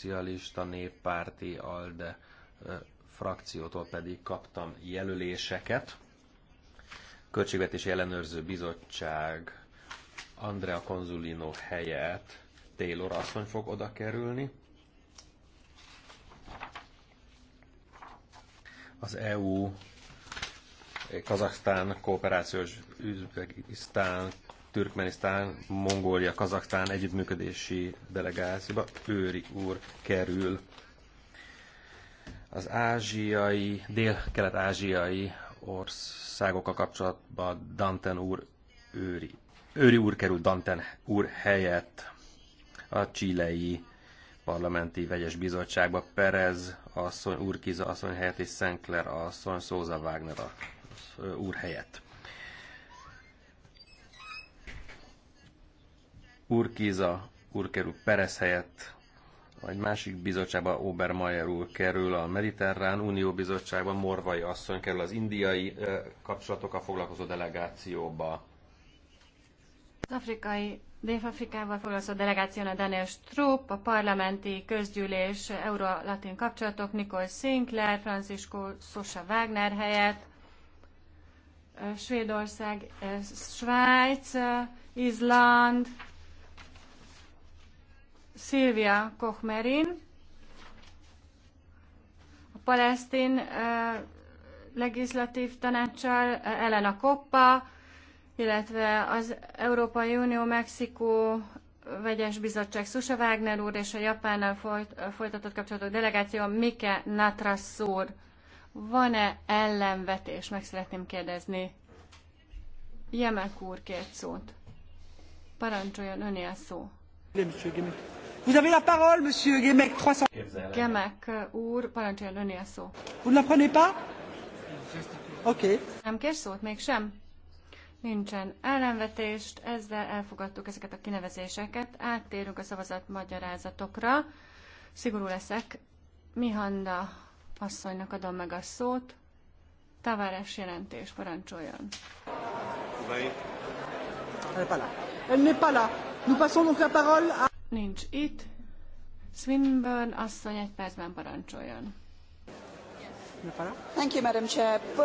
szocialista néppárti ALDE frakciótól pedig kaptam jelöléseket. Költségvetési ellenőrző bizottság Andrea Konzulino helyett Taylor asszony fog oda kerülni. Az EU Kazaksztán kooperációs Üzbegisztán Türkmenisztán, Mongólia, Kazaksztán együttműködési delegációba Őri úr kerül. Az ázsiai, dél-kelet-ázsiai országokkal kapcsolatban Danten úr Őri. Őri úr kerül Danten úr helyett a csilei parlamenti vegyes bizottságba Perez asszony, Kiza asszony helyett és Szentler asszony, Szóza Wagner a, úr helyett. Urkiza úr kerül Perez helyett egy másik bizottságban Obermeyer úr kerül, a Mediterrán Unió bizottságban Morvai asszony kerül az indiai kapcsolatokkal foglalkozó delegációba. Az afrikai Dél-Afrikával foglalkozó delegáción a Daniel Strupp, a parlamenti közgyűlés euró-latin kapcsolatok, Nikol Sinclair, Francisco Sosa Wagner helyett, Svédország, Svájc, Izland, Szilvia Kochmerin, a palesztin legislatív tanácssal, Elena Koppa, illetve az Európai Unió Mexikó vegyes bizottság Susa Wagner úr és a Japánnal folyt, folytatott kapcsolatok delegáció Mike Natras úr. Van-e ellenvetés? Meg szeretném kérdezni. Jemek úr két szót. Parancsoljon öné a szó. Vous avez la parole, monsieur Gemek 300. Gemek uh, úr, parancsoljon öné a szó. Vous ne la prenez pas? Oké. Nem kér szót, mégsem? Nincsen ellenvetést, ezzel elfogadtuk ezeket a kinevezéseket. Áttérünk a szavazat magyarázatokra. Szigorú leszek. Mihanda asszonynak adom meg a szót. Tavares jelentés, parancsoljon. Elle n'est pas là. Elle n'est pas là. Nous passons donc la parole à nincs itt. Swinburne asszony egy percben parancsoljon. Thank you, Madam Chair.